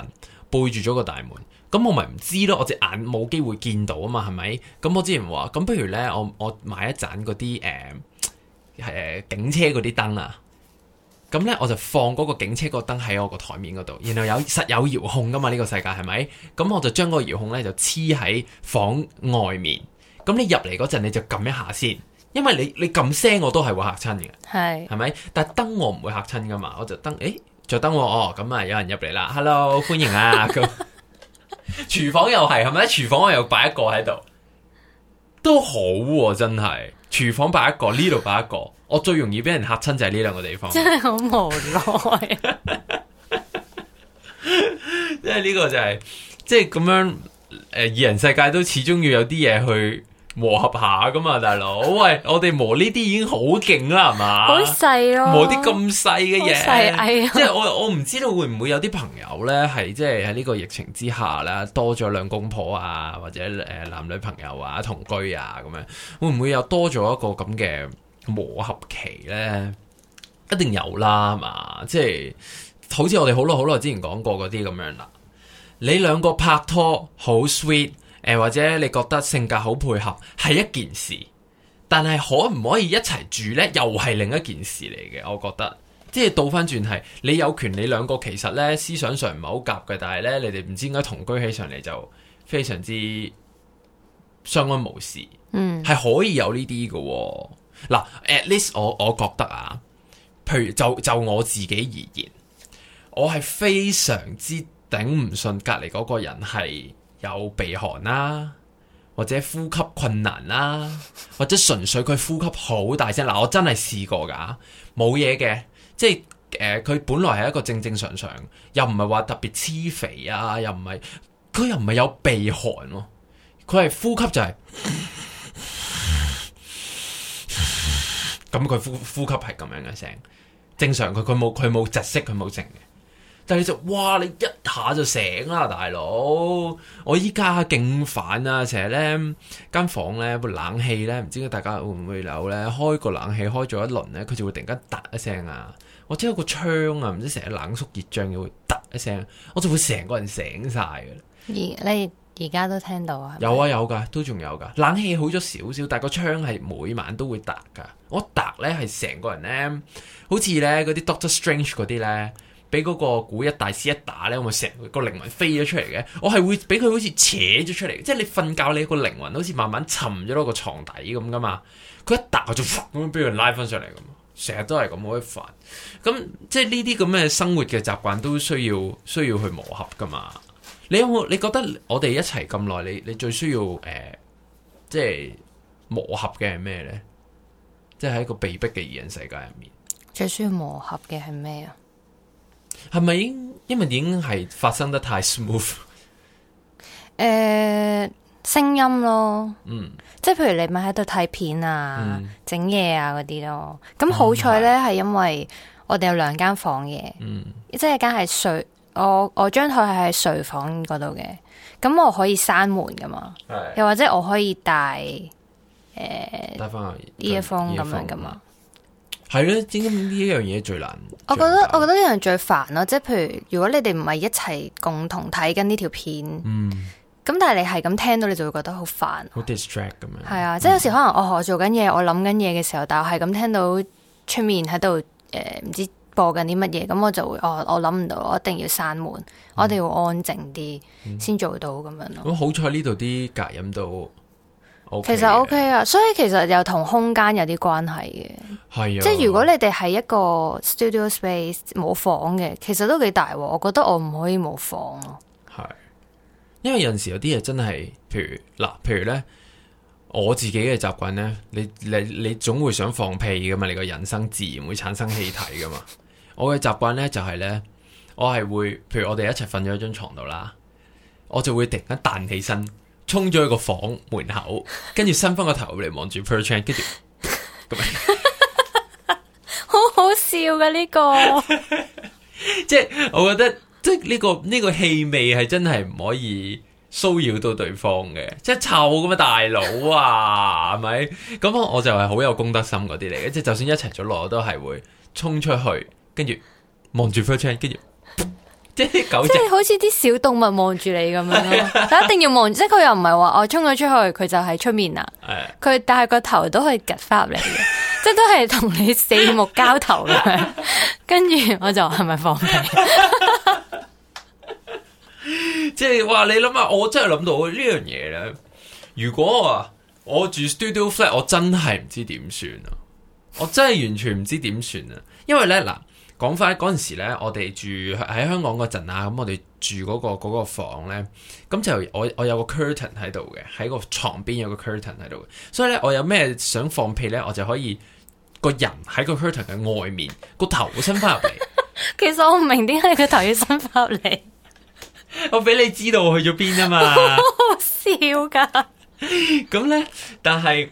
背住咗個大門。咁我咪唔知咯，我隻眼冇機會見到啊嘛，係 咪樂？咁我之前話，咁不如呢，我我買一盞嗰啲誒誒警車嗰啲燈啊，咁呢，我就放嗰個警車個燈喺我個台面嗰度，然後有實有遙控噶嘛，呢個世界係咪？咁我就將個遙控呢就黐喺房外面，咁你入嚟嗰陣你就撳一下先，因為你你撳聲我都係會嚇親嘅，係係咪？但燈我唔會嚇親噶嘛，我就燈誒着燈哦，咁啊有人入嚟啦，hello 歡迎啊。廚房又係，係咪？廚房我又擺一個喺度，都好、啊、真係。廚房擺一個，呢度擺一個，我最容易俾人吓親就係呢兩個地方。真係好無奈，即係呢個就係即係咁樣。誒、呃，二人世界都始終要有啲嘢去。磨合下㗎嘛，大佬，喂，我哋磨呢啲已經好勁啦，係嘛？ 好細咯，磨啲咁細嘅嘢，即係我我唔知道會唔會有啲朋友呢，係即係喺呢個疫情之下呢，多咗兩公婆啊，或者誒男女朋友啊同居啊咁樣，會唔會有多咗一個咁嘅磨合期呢？一定有啦，係嘛？即係好似我哋好耐好耐之前講過嗰啲咁樣啦。你兩個拍拖好 sweet。誒，或者你覺得性格好配合係一件事，但係可唔可以一齊住呢？又係另一件事嚟嘅。我覺得即係倒翻轉係，你有權你兩個其實呢，思想上唔係好夾嘅，但係呢，你哋唔知點解同居起上嚟就非常之相安無事。嗯，係可以有呢啲㗎。嗱，at least 我我覺得啊，譬如就就我自己而言，我係非常之頂唔順隔籬嗰個人係。有鼻鼾啦、啊，或者呼吸困難啦、啊，或者純粹佢呼吸好大聲嗱，我真係試過噶，冇嘢嘅，即係誒佢本來係一個正正常常，又唔係話特別癡肥啊，又唔係佢又唔係有鼻鼾咯、啊，佢係呼吸就係、是，咁佢 呼呼吸係咁樣嘅聲，正常佢佢冇佢冇窒息佢冇靜嘅。但你就哇，你一下就醒啦，大佬！我依家勁煩啊，成日咧間房咧部冷氣咧，唔知大家會唔會扭咧？開個冷氣開咗一輪咧，佢就會突然間突一聲啊！我知有個窗啊，唔知成日冷縮熱脹，又會突一聲，我就會成個人醒晒噶。而你而家都聽到啊？有啊，有噶，都仲有噶。冷氣好咗少少，但係個窗係每晚都會突噶。我突咧係成個人咧，好似咧嗰啲 Doctor Strange 嗰啲咧。俾嗰個古一大師一打咧，我咪成個靈魂飛咗出嚟嘅。我係會俾佢好似扯咗出嚟，即係你瞓覺你個靈魂好似慢慢沉咗落個床底咁噶嘛。佢一打我就咁樣俾人拉翻上嚟噶嘛。成日都係咁，好煩。咁即係呢啲咁嘅生活嘅習慣都需要需要去磨合噶嘛。你有冇？你覺得我哋一齊咁耐，你你最需要誒、呃，即係磨合嘅係咩咧？即係喺一個被逼嘅二人世界入面，最需要磨合嘅係咩啊？係咪已經？因為已經係發生得太 smooth、呃。誒，聲音咯，嗯，即係譬如你咪喺度睇片啊、整嘢、嗯、啊嗰啲咯。咁、嗯、好彩咧，係因為我哋有兩間房嘅，嗯、即係一間係睡，我我張台係喺睡房嗰度嘅，咁我可以閂門噶嘛，嗯、又或者我可以帶誒，帶翻 earphone 咁樣噶嘛。係咯，點解呢一樣嘢最難？我覺得我覺得呢樣最煩咯，即係譬如如果你哋唔係一齊共同睇緊呢條片，咁、嗯、但係你係咁聽到，你就會覺得好煩、啊，好 distress 咁樣。係啊，即係有時可能我我做緊嘢，我諗緊嘢嘅時候，但係我係咁聽到出面喺度誒唔知播緊啲乜嘢，咁我就會哦，我諗唔到，我一定要閂門，嗯、我哋要安靜啲先做到咁、嗯嗯、樣咯。咁、嗯、好彩呢度啲隔音都～Okay、其實 OK 啊，所以其實又同空間有啲關係嘅，係啊，即係如果你哋係一個 studio space 冇房嘅，其實都幾大。我覺得我唔可以冇房咯。係，因為有陣時有啲嘢真係，譬如嗱，譬如咧，我自己嘅習慣咧，你你你總會想放屁噶嘛，你個人生自然會產生氣體噶嘛。 我嘅習慣咧就係、是、咧，我係會，譬如我哋一齊瞓咗喺張床度啦，我就會突然間彈起身。衝咗去個房門口，跟住伸翻個頭嚟望住 Perchant，跟住，咁樣好好笑嘅呢個，即係我覺得，即係呢、這個呢、這個氣味係真係唔可以騷擾到對方嘅，即係臭咁嘅大佬啊，係咪？ 咁我我就係好有公德心嗰啲嚟嘅，即係就算一齊咗落，我都係會衝出去，跟住望住 Perchant，跟住。即係好似啲小動物望住你咁樣咯， 但一定要望，即係佢又唔係話我衝咗出去，佢就喺出面啊。佢但係個頭可以 都係夾翻入嚟嘅，即係都係同你四目交投咁樣。跟住 我就係咪放棄？ 即係話你諗下，我真係諗到呢樣嘢咧。如果啊，我住 studio flat，我真係唔知點算啊！我真係完全唔知點算啊！因為咧嗱。講翻嗰陣時咧，我哋住喺香港嗰陣啊，咁我哋住嗰、嗰個、嗰個房咧，咁就我我有個 curtain 喺度嘅，喺個床邊有個 curtain 喺度，所以咧我有咩想放屁咧，我就可以個人喺個 curtain 嘅外面，個頭伸翻入嚟。 其實我唔明點解佢頭要伸翻入嚟， 我俾你知道我去咗邊啊嘛，笑噶。咁咧，但係。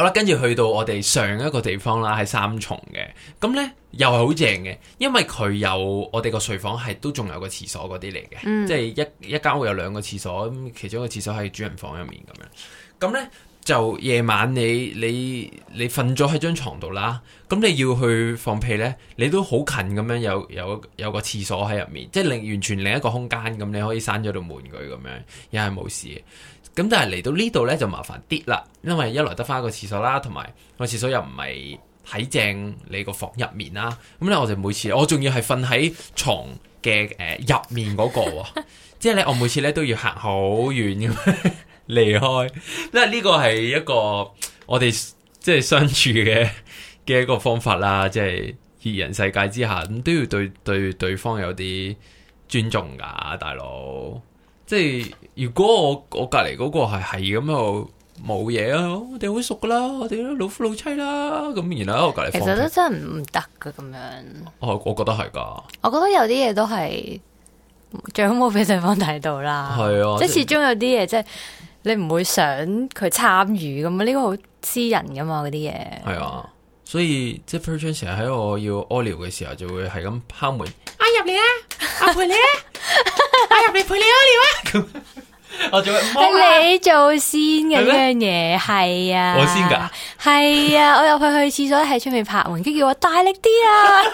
好啦，跟住去到我哋上一個地方啦，喺三重嘅，咁呢又係好正嘅，因為佢有我哋個睡房係都仲有個廁所嗰啲嚟嘅，嗯、即係一一間屋有兩個廁所，咁其中一個廁所喺主人房入面咁樣，咁呢就夜晚你你你瞓咗喺張床度啦，咁你要去放屁呢，你都好近咁樣有有有個廁所喺入面，即係另完全另一個空間咁，你可以閂咗度門佢咁樣，又係冇事。咁但係嚟到呢度咧就麻煩啲啦，因為一來得翻個廁所啦，同埋個廁所又唔係喺正你個房入面啦，咁、嗯、咧我哋每次我仲要係瞓喺床嘅誒入面嗰個、喔， 即係咧我每次咧都要行好遠咁離開，因為呢個係一個我哋即係相處嘅嘅一個方法啦，即係二人世界之下咁都要對對對方有啲尊重噶，大佬。即係如果我我隔籬嗰個係係咁就冇嘢啊。我哋好熟噶啦，我哋老夫老妻啦，咁然後我隔籬。其實都真係唔得噶咁樣。我我覺得係噶。我覺得，我覺得有啲嘢都係最好冇俾對方睇到啦。係啊，即係始終有啲嘢即係你唔會想佢參與咁啊，呢個好私人噶嘛嗰啲嘢。係啊，所以即係 Perchance 成日喺我要屙尿嘅時候就會係咁敲門，我入嚟啦。阿、啊、陪你啊！我入嚟陪你屙尿啊！我做你做先嘅呢樣嘢，係啊，我先噶，係啊，我入去去廁所喺出面拍門，跟住叫我大力啲啊！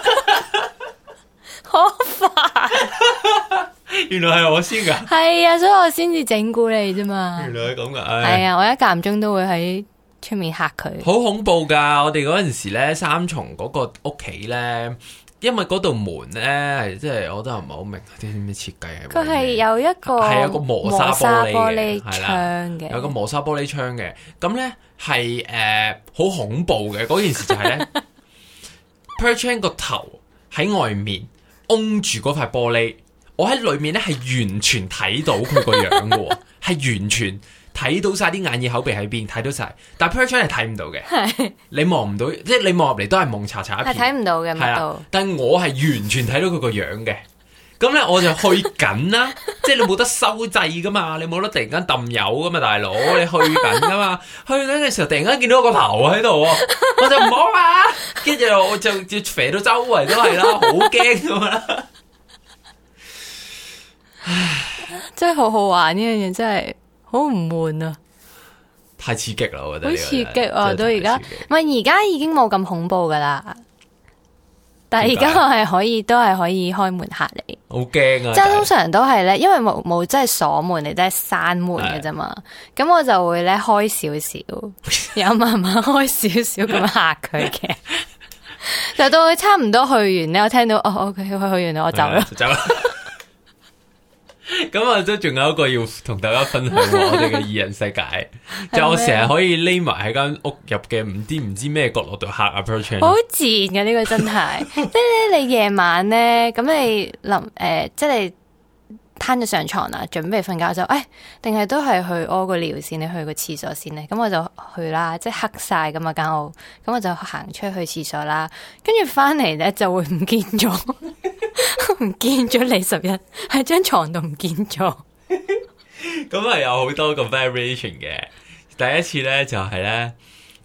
好煩！原來係我先噶，係啊，所以我先至整蠱你啫嘛。原來係咁噶，係、哎、啊，我一間唔中都會喺出面嚇佢，好恐怖噶！我哋嗰陣時咧，三重嗰個屋企咧。因為嗰道門咧，即係我都唔係好明啲咩設計。佢係有一個，係有個磨砂玻璃窗嘅，有個磨砂玻璃窗嘅。咁咧係誒好恐怖嘅嗰件事就係、是、咧 ，Percheng 個頭喺外面，按住嗰塊玻璃，我喺裏面咧係完全睇到佢個樣嘅，係 完全。睇到晒啲眼耳口鼻喺邊，睇到晒，但 perception 係睇唔到嘅， 你望唔到，即係你望入嚟都係蒙查查，係睇唔到嘅，係啊。但我係完全睇到佢個樣嘅，咁咧我就去緊啦， 即係你冇得收掣噶嘛，你冇得突然間揼油噶嘛，大佬，你去緊噶嘛，去緊嘅時候突然間見到我個頭喺度，我就唔好啊，跟住我就就射到周圍都係啦，嘛 好驚唉，真係好好玩呢樣嘢，真係。好唔悶啊！太刺激啦，我覺得好刺激啊！到而家，唔係而家已經冇咁恐怖噶啦，但係而家我係可以，都係可以開門吓你。好驚啊！即係通常都係咧，因為冇冇真係鎖門，你真係閂門嘅啫嘛。咁我就會咧開少少，有慢慢開少少咁吓佢嘅。就到佢差唔多去完咧，我聽到，哦，佢去完啦，我走啦，走啦。咁啊，即係仲、嗯、有一個要同大家分享 我哋嘅二人世界， 嗎就我成日可以匿埋喺間屋入嘅唔知唔知咩角落度下啊好自然嘅 呢個真係，即係你夜晚咧，咁你臨誒，即係攤咗上床啦，準備瞓覺就誒，定係都係去屙個尿先，你去個廁所先咧？咁我就去啦，即係黑晒噶嘛間屋，咁我就行出去廁所啦，跟住翻嚟咧就會唔見咗。 唔見咗李拾壹喺張床度唔見咗，咁係 有好多個 variation 嘅。第一次咧就係、是、咧，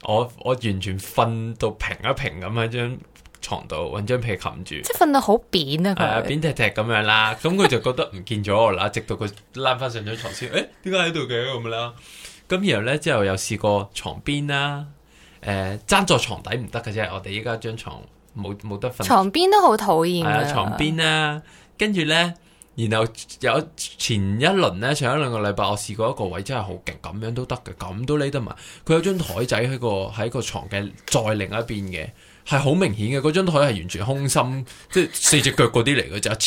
我我完全瞓到平一平咁喺張床度，搵張被冚住。即係瞓到好扁啊佢，啊他扁踢踢咁樣啦。咁佢就覺得唔見咗我啦， 直到佢拉翻上張床先。誒，點解喺度嘅咁啦？咁然後咧之後又試過床邊啦，誒、呃，爭在床底唔得嘅啫。我哋依家張床。冇冇得瞓，哎，床邊都好討厭。床邊啦，跟住咧，然後有前一輪咧，上一兩個禮拜，我試過一個位真，真係好勁，咁樣都得嘅，咁都匿得埋。佢有張台仔喺個喺個床嘅再另一邊嘅，係好明顯嘅。嗰張台係完全空心，即係四隻腳嗰啲嚟嘅，就係 超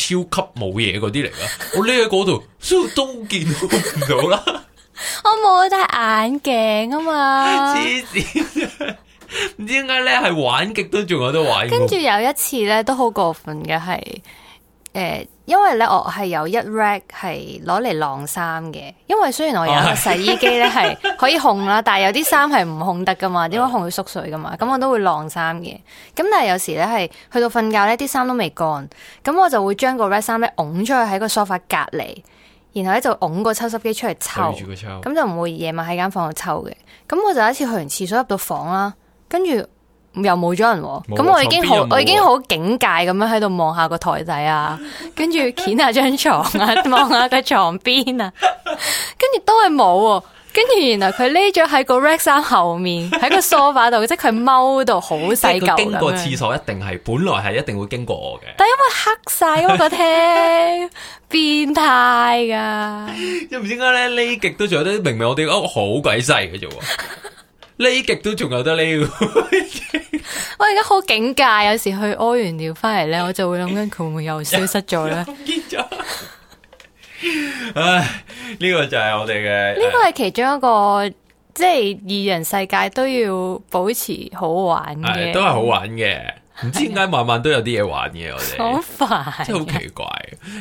級冇嘢嗰啲嚟嘅。我匿喺嗰度，都 都見到唔到啦。 我冇戴眼鏡啊嘛， 黐線唔知點解咧，係玩極都仲有得玩。跟住有一次咧，都好過分嘅係，誒、欸，因為咧我係有一 rack 係攞嚟晾衫嘅。因為雖然我有個洗衣機咧係可以烘啦， 但係有啲衫係唔烘得噶嘛，點解烘會縮水噶嘛？咁、嗯、我都會晾衫嘅。咁但係有時咧係去到瞓覺咧，啲衫都未乾，咁我就會將個 rack 衫咧拱出去喺個梳化隔籬，然後咧就拱個抽濕機出嚟抽，咁就唔會夜晚喺間房度抽嘅。咁我就有一次去完廁所入到房啦。跟住又冇咗人、哦，咁了我已經好，我已經好警戒咁樣喺度望下個台仔啊，跟住掀下張床啊，望下個床邊啊，跟住都係冇，跟住原來佢匿咗喺個 rack 衫後面，喺個梳化度， 即係佢踎到好細嚿咁樣。經過廁所一定係本來係一定會經過我嘅，但因 為黑晒嗰個廳，變態噶。因唔知點解咧呢極都仲有啲，明明，明，明我哋屋好鬼細嘅啫。 呢極都仲有得呢， 我而家好警戒，有時去屙完尿翻嚟咧，我就會諗緊佢會唔會又消失咗咧？ 唉，呢、呢個就係我哋嘅，呢個係其中一個， 即係二人世界都要保持好玩嘅，都係好玩嘅。唔知點解晚晚都有啲嘢玩嘅我哋，好煩好奇怪。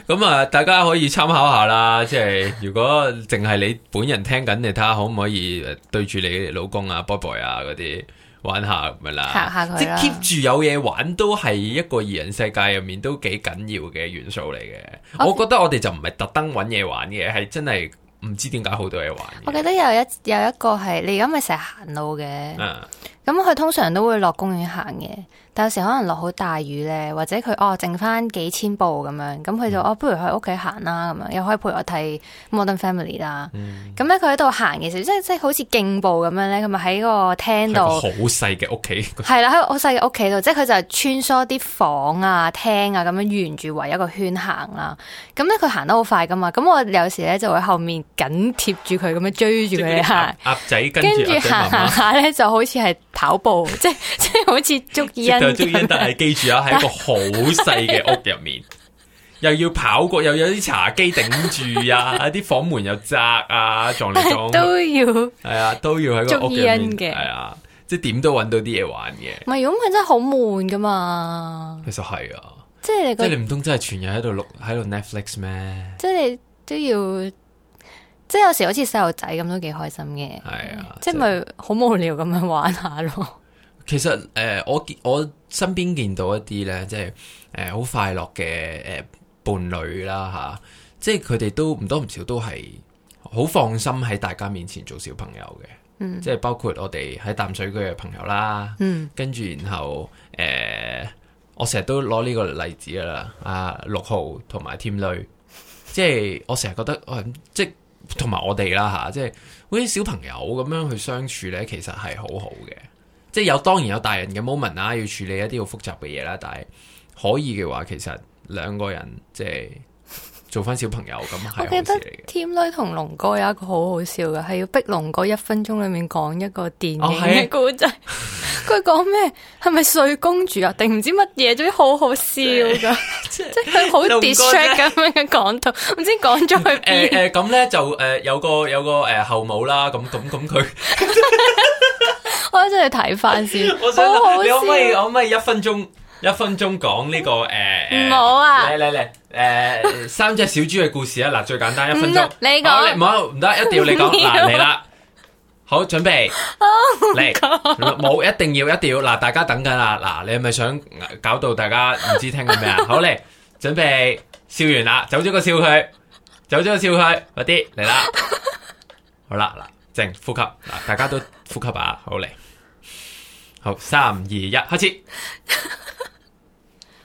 咁啊，大家可以參考下啦。即係 如果淨係你本人聽緊，你睇下可唔可以對住你老公啊、boyboy Boy 啊嗰啲玩下咁樣啦。吓下佢，即係 keep 住有嘢玩，都係一個二人世界入面都幾緊要嘅元素嚟嘅。Okay. 我覺得我哋就唔係特登揾嘢玩嘅，係真係唔知點解好多嘢玩。我記得有一有一個係你而家咪成日行路嘅，咁佢、uh. 通常都會落公園行嘅。但有時可能落好大雨咧，或者佢哦剩翻幾千步咁樣，咁佢就、嗯、哦不如去屋企行啦咁樣，又可以陪我睇 Modern Family 啦。咁咧佢喺度行嘅時候，即係即係好似競步咁樣咧，佢咪喺個廳度，好細嘅屋企。係啦，喺好細嘅屋企度， 即係佢就穿梭啲房啊、廳啊咁樣，沿住圍一個圈行啦。咁咧佢行得好快噶嘛，咁我有時咧就會喺後面緊貼住佢咁樣追住佢行。鴨仔跟住。行行下咧，就好似係跑步，即係即係好似捉伊人就中意，但係記住啊，喺一個好細嘅屋入面， 又要跑過，又有啲茶几頂住啊，啲 房門又窄啊，撞嚟撞去。 都要，係啊，都要喺個屋入面嘅，係啊，即係點都揾到啲嘢玩嘅。唔係，咁佢真係好悶噶嘛？其實係啊，即係、那個、即係你唔通真係全日喺度錄喺度 Netflix 咩？即係你都要，即係有時好似細路仔咁都幾開心嘅。係啊，即係咪好無聊咁樣玩下咯？ 其實誒、呃，我見我身邊見到一啲咧，即係誒好快樂嘅誒伴侶啦，吓、啊，即係佢哋都唔多唔少都係好放心喺大家面前做小朋友嘅，嗯、即係包括我哋喺淡水區嘅朋友啦，嗯、跟住然後誒、呃，我成日都攞呢個例子噶啦，阿、啊、六號同埋添女，即係我成日覺得誒、呃，即係同埋我哋啦吓、啊，即係好似小朋友咁樣去相處咧，其實係好好嘅。即係有當然有大人嘅 moment 啦，要處理一啲好複雜嘅嘢啦，但係可以嘅話，其實兩個人即係做翻小朋友咁。我記得添女同龍哥有一個好好笑嘅，係要逼龍哥一分鐘裏面講一個電影嘅故仔。佢講咩？係咪睡公主啊？定唔知乜嘢？總之好好笑噶 即係佢好 distress 咁樣嘅講到，唔知講咗去邊。誒咁咧就誒、呃、有個有個誒、呃呃呃、後母啦，咁咁咁佢。 我真係睇翻先，我想，你可唔可以可唔可以一分鐘一分鐘講呢個誒？唔好啊！嚟嚟嚟，誒，三隻小豬嘅故事啊！嗱，最簡單，一分鐘。你講，唔好，唔得，一定要你講。嗱，嚟啦，好準備。嚟，冇，一定要，一定要。嗱，大家等緊啊！嗱，你係咪想搞到大家唔知聽緊咩啊？好嚟，準備笑完啦，走咗個笑佢，走咗個笑佢，快啲嚟啦！好啦，嗱，靜呼吸，嗱，大家都呼吸啊，好嚟。好，三二一，開始。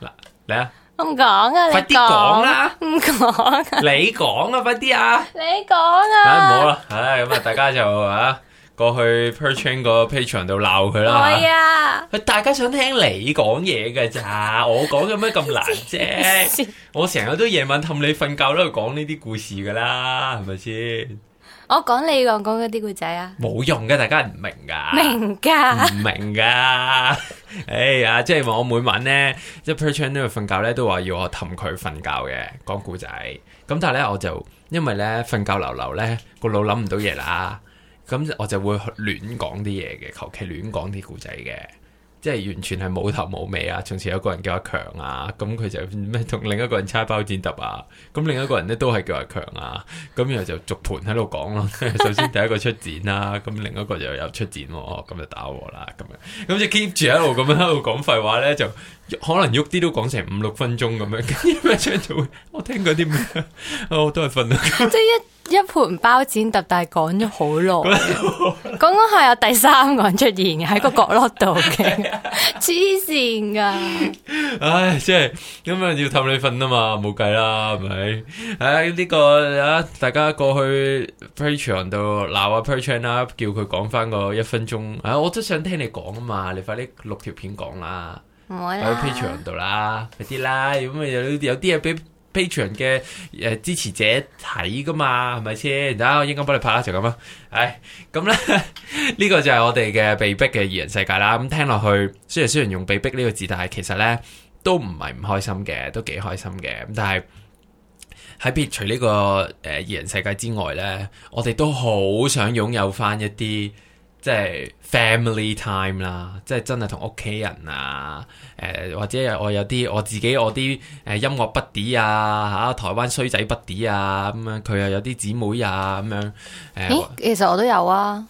嗱，嚟啊！我唔講啊，快啲講啦！唔講，你講啊，快啲啊！你講啊！唉，唔好啦，唉，咁啊，大家就啊，過去 p e r c h a i n 個 Patreon 度鬧佢啦。係啊呀，大家想聽你講嘢噶咋？我講嘅咩咁難啫、啊？我成日都夜晚氹你瞓覺都係講呢啲故事噶啦，係咪先？我講你講講嗰啲故仔啊，冇用嘅，大家唔明噶，明噶白，唔明噶，哎呀，即係話我每晚呢， 即係 Perchin 喺度瞓覺呢，都話要我氹佢瞓覺嘅，講故仔。咁但係呢，我就因為呢瞓覺流流呢，個腦諗唔到嘢啦，咁 我就會去亂講啲嘢嘅，求其亂講啲故仔嘅。即係完全係冇頭冇尾啊！從前有個人叫阿強啊，咁佢就咩同另一個人猜包剪揼啊，咁另一個人咧都係叫阿強啊，咁然後就逐盤喺度講咯。 首先第一個出剪啦、啊，咁另一個就有出剪、啊，咁就打和啦。咁樣咁就 keep 住喺度咁樣喺度講廢話咧，就可能喐啲都講成五六分鐘咁樣，跟住咩張就會我聽佢啲咩， 我都係瞓啦。即 係一一盤包剪揼，但係講咗好耐。 剛剛係有第三個人出現嘅，喺個角落度嘅，黐線噶！唉，即係咁啊，要氹你瞓啊嘛，冇計啦，係咪？唉，呢個啊，大家過去 Patreon 度鬧下 Patreon 啦，叫佢講翻個一分鐘。唉，我都想聽你講啊嘛，你快啲錄條片講啦，喺 Patreon 度啦，快啲啦，咁有有啲嘢俾。Patreon 嘅誒、呃、支持者睇㗎嘛，係咪先？我應該幫你拍啦，就咁啦。唉、哎，咁咧呢個就係我哋嘅被迫嘅二人世界啦。咁、嗯、聽落去雖然雖然用被迫呢個字，但係其實咧都唔係唔開心嘅，都幾開心嘅。咁但係喺撇除呢、這個誒、呃、二人世界之外咧，我哋都好想擁有返一啲。即係 family time 啦，即係真係同屋企人啊，誒、呃、或者我有啲我自己我啲誒音樂 buddies 啊吓、啊、台灣衰仔 buddies 啊咁樣，佢又有啲姊妹啊咁樣誒，呃欸、我其實我都有啊，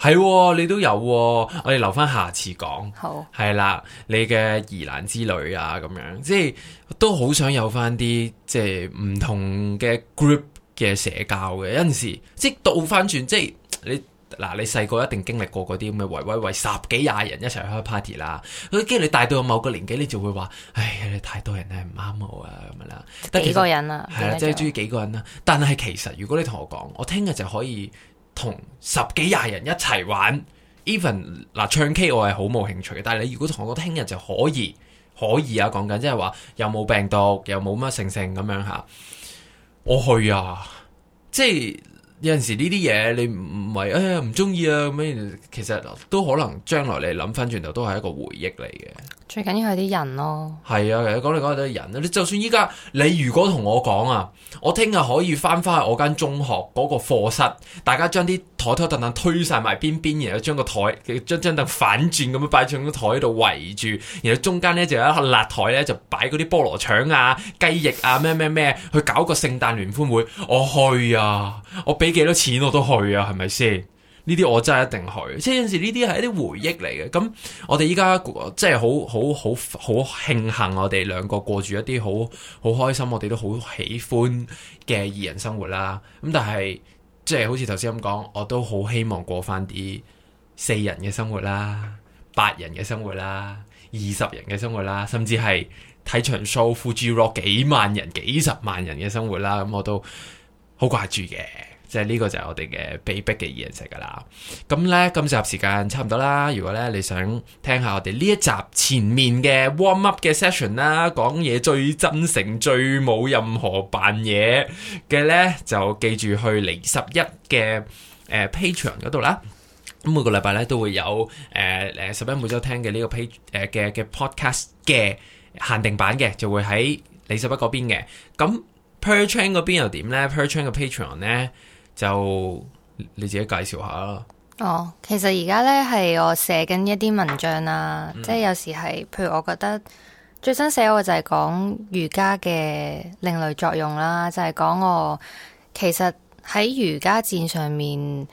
係、哦、你都有、哦，我哋留翻下，下次講好係啦，你嘅疑難之旅啊咁樣，即係都好想有翻啲即係唔同嘅 group 嘅社交嘅，有陣時即係倒翻轉即係你。嗱，你細個一定經歷過嗰啲咁嘅圍圍圍十幾廿人一齊開 party 啦。咁跟住你大到某個年紀，你就會話：唉，你太多人咧，唔啱我啊咁樣啦。得幾個人啊？係啦，即係中意幾個人啦、啊。但係其實如果你同我講，我聽日就可以同十幾廿人一齊玩。even 嗱唱 K 我係好冇興趣嘅。但係你如果同我講聽日就可以，可以啊？講緊即係話，又冇病毒，又冇乜性性咁樣吓？我去啊！即係。有陣時呢啲嘢你唔唔係哎呀唔中意啊咁樣，其實都可能將來你諗翻轉頭都係一個回憶嚟嘅。最緊要係啲人咯。係啊，講嚟講去都係人啦。你就算依家你如果同我講啊，我聽日可以翻翻去我間中學嗰個課室，大家將啲。火拖凳凳推晒埋邊邊，然後將個台，將張凳反轉咁樣擺住個台度圍住，然後中間咧就有一個辣台咧，就擺嗰啲菠蘿腸啊、雞翼啊、咩咩咩，去搞個聖誕聯歡會。我去啊！我俾幾多錢我都去啊，係咪先？呢啲我真係一定去。即係有時呢啲係一啲回憶嚟嘅。咁我哋依家即係好好好好慶幸，我哋兩個過住一啲好好開心，我哋都好喜歡嘅二人生活啦。咁但係。即係好似頭先咁講，我都好希望過翻啲四人嘅生活啦、八人嘅生活啦、二十人嘅生活啦，甚至係睇場 show Fuji Rock、幾萬人、幾十萬人嘅生活啦，咁、嗯、我都好掛住嘅。即係呢個就係我哋嘅被逼嘅嘢食噶啦，咁呢，今集時間差唔多啦。如果咧你想聽下我哋呢一集前面嘅 warm up 嘅 session 啦，講嘢最真誠、最冇任何扮嘢嘅呢，就記住去李拾壹嘅誒、呃、Patreon 嗰度啦。咁每個禮拜咧都會有誒誒拾壹每周聽嘅呢個批誒嘅、呃、嘅 podcast 嘅限定版嘅，就會喺李拾壹嗰邊嘅。咁 per train 嗰邊又點呢？per p e r train 嘅 Patreon 咧？就你自己介紹下啦。哦，oh, 其實而家咧係我寫緊一啲文章啦，mm. 即係有時係，譬如我覺得最新寫嘅我就係講瑜伽嘅另類作用啦，就係、是、講我其實喺瑜伽戰上面，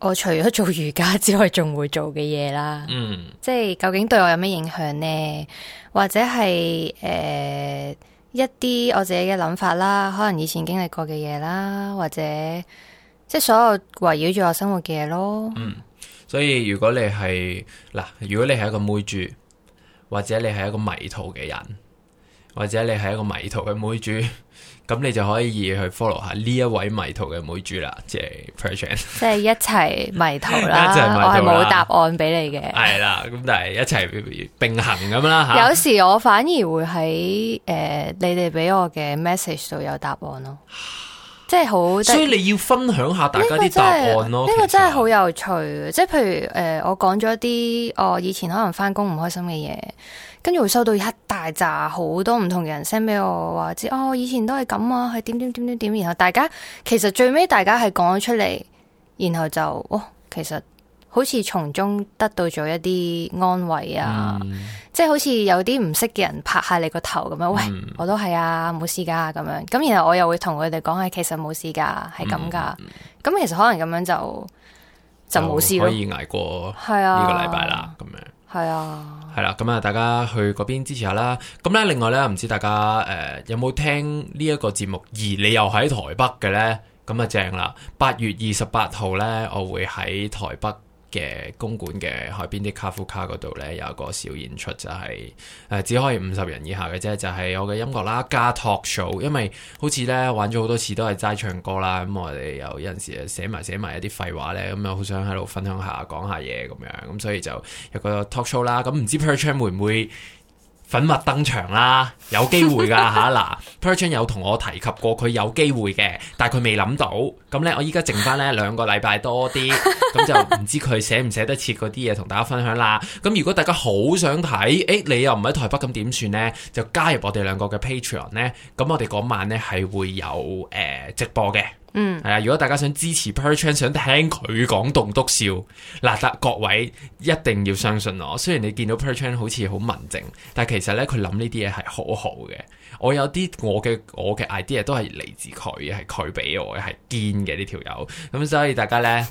我除咗做瑜伽之外，仲會做嘅嘢啦。嗯、mm.，即係究竟對我有咩影響呢？或者係誒？呃一啲我自己嘅諗法啦，可能以前經歷過嘅嘢啦，或者即係、就是、所有圍繞住我生活嘅嘢咯。嗯，所以如果你係，嗱，如果你係一個妹豬，或者你係一個迷途嘅人，或者你係一個迷途嘅妹豬。咁你就可以去 follow 下呢一位迷途嘅妹主啦，即係 Patience，即係一齊迷途啦， 途我冇答案俾你嘅，係啦， 咁但係一齊並行咁啦吓。 有時我反而會喺誒、呃、你哋俾我嘅 message 度有答案咯，即係好。所以你要分享下大家啲答案咯，呢個真係好有趣。即係譬如誒、呃，我講咗啲我以前可能返工唔開心嘅嘢。跟住會收到一大紮好多唔同嘅人 send 俾我，話知哦，以前都係咁啊，係點點點點點。然後大家其實最尾大家係講咗出嚟，然後就哦，其實好似從中得到咗一啲安慰啊，嗯、即係好似有啲唔識嘅人拍下你個頭咁樣。喂，我都係啊，冇事噶咁樣。咁然後我又會同佢哋講係，其實冇事噶，係咁噶。咁、嗯、其實可能咁樣就就冇事就可以挨過係啊呢個禮拜啦，咁樣。係啊，係啦，咁啊，大家去嗰邊支持下啦。咁咧，另外咧，唔知大家誒有冇聽呢一個節目？而你又喺台北嘅咧，咁啊正啦！八月二十八號咧，我會喺台北。嘅公館嘅海邊嘅卡夫卡嗰度呢，有一個小演出就係、是、誒、呃、只可以五十人以下嘅啫，就係、是、我嘅音樂啦加 talk show，因為好似呢，玩咗好多次都係齋唱歌啦，咁、嗯、我哋有陣時誒寫埋寫埋一啲廢話呢，咁又好想喺度分享下講下嘢咁樣，咁、嗯、所以就有一個 talk show 啦，咁、嗯、唔知 Percham 會唔會？粉墨登場啦，有機會噶嚇嗱，Patreon 有同我提及過佢有機會嘅，但係佢未諗到。咁呢，我依家剩翻咧兩個禮拜多啲，咁就唔知佢寫唔寫得切嗰啲嘢同大家分享啦。咁如果大家好想睇，誒、欸、你又唔喺台北，咁點算呢？就加入我哋兩個嘅 Patreon 呢。咁我哋嗰晚呢係會有誒、呃、直播嘅。嗯，係啊！如果大家想支持 p e a c h o n，想聽佢講棟篤笑，嗱，各位一定要相信我。雖然你見到 p e a c h o n 好似好文靜，但其實咧，佢諗呢啲嘢係好好嘅。我有啲我嘅我嘅 idea 都係嚟自佢，係佢俾我嘅，係堅嘅呢條友。咁所以大家呢，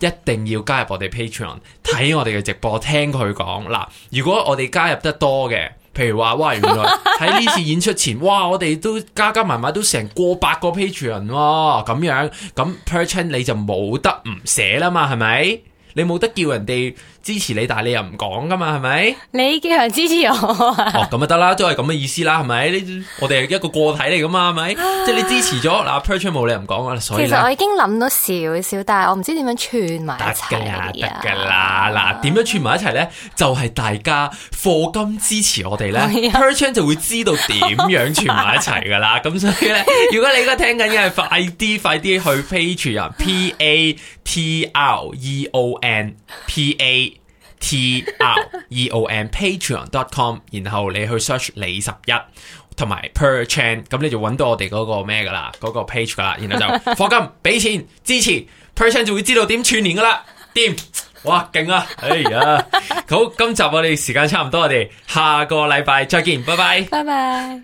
一定要加入我哋 Patron，睇我哋嘅直播，聽佢講。嗱，如果我哋加入得多嘅。譬如話，哇！原來喺呢次演出前， 哇！我哋都加加埋埋都成過百個,個 patron 咁、啊、樣咁 percent 你就冇得唔寫啦嘛，係咪？你冇得叫人哋。支持你，但係你又唔講噶嘛，係咪？你經常支持我、啊哦。咁啊得啦，都係咁嘅意思啦，係咪？我哋係一個個體嚟噶嘛，係咪？啊、即係你支持咗嗱，Patreon 冇理由唔講啊，所以其實我已經諗到少少，但係我唔知點樣串埋一齊。得噶、啊、啦，得噶啦，嗱，點樣串埋一齊咧？就係、是、大家課金支持我哋咧 Patreon 就會知道點樣串埋一齊噶啦。咁 所以咧，如果你而家聽緊嘅係快啲，快啲去 Patreon，P A T R E O N，P A。T R E O N P A T R E O N Patreon dot com，然後你去 search 李拾壹同埋 Per Chan，咁你就揾到我哋嗰個咩噶啦，嗰、嗰個 page 噶啦，然後就課金俾錢支持 Per Chan，就會知道點串年噶啦，掂，哇勁啊，哎呀， 好，今集我哋時間差唔多，我哋下個禮拜再見，拜拜 bye，拜拜。